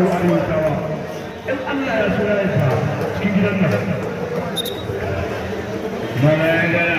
in Allah ya so ya yi cikin gidan nan mana ya gara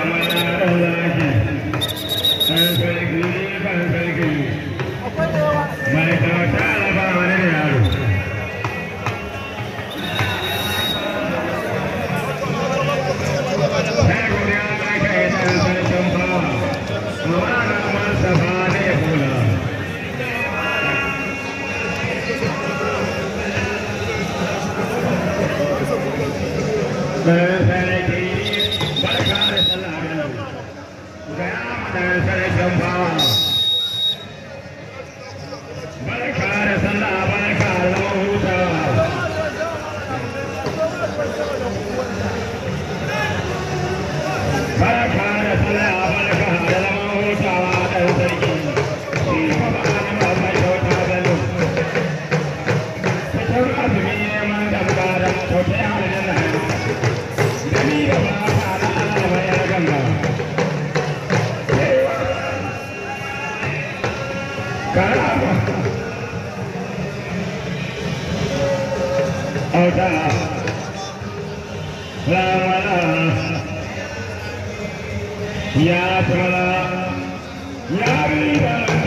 Yeah, yeah,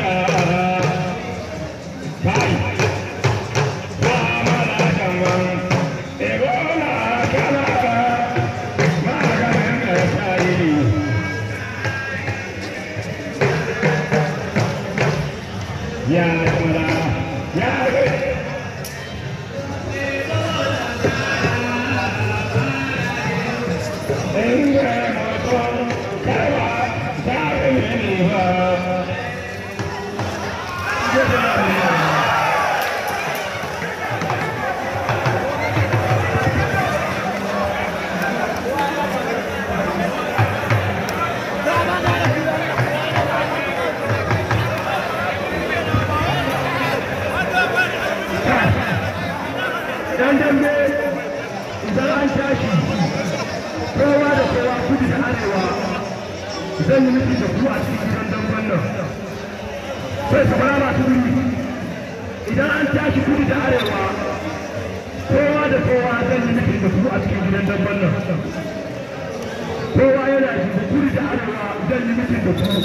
sai su fara masu wuri idan an tashi kudu da arewa kowa da kowa zan yi nufi da su a cikin gidan dabban nan kowa yana shi da kudu da arewa zan yi da su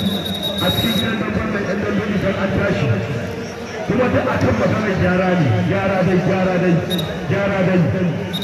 a cikin gidan dabban nan yan dabban an tashi kuma duk a kan maganar gyara ne gyara dai gyara dai gyara dai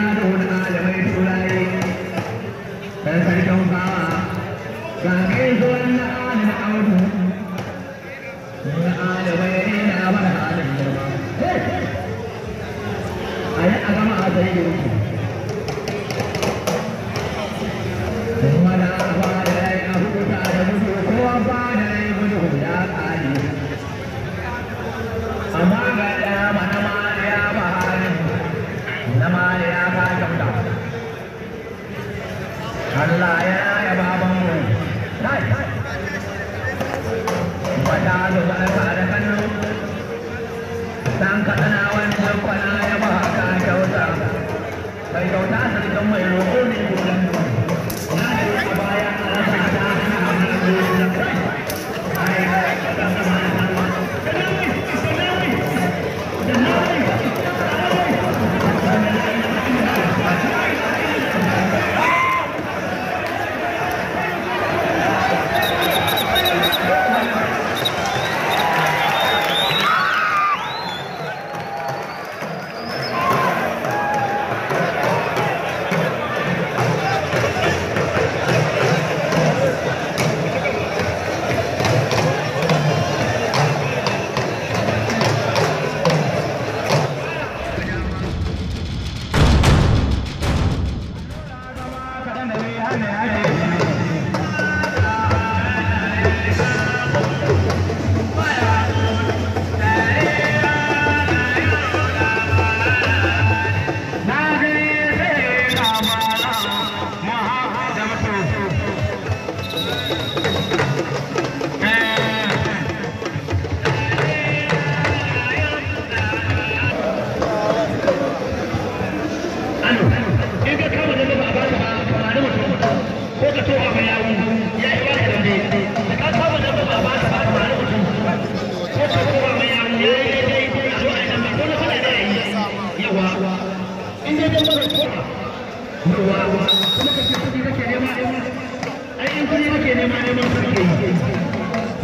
ya mai roƙo ne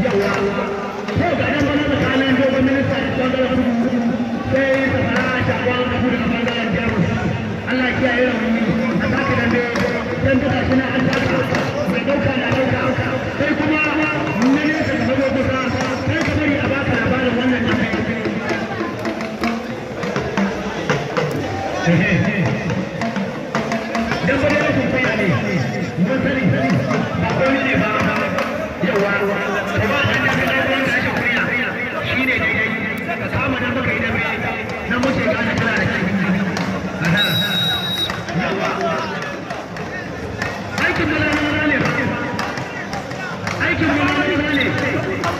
yawa ko ga dan wani da bangaren da kiyaye rauni da kuma a labarin wannan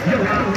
You're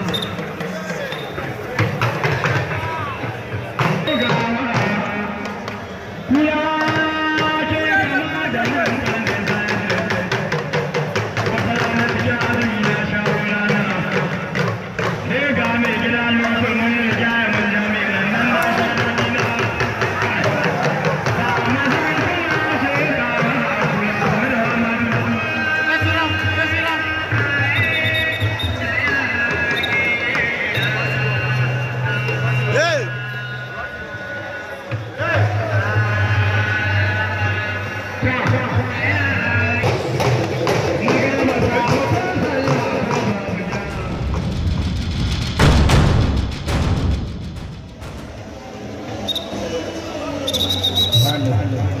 Mahalle.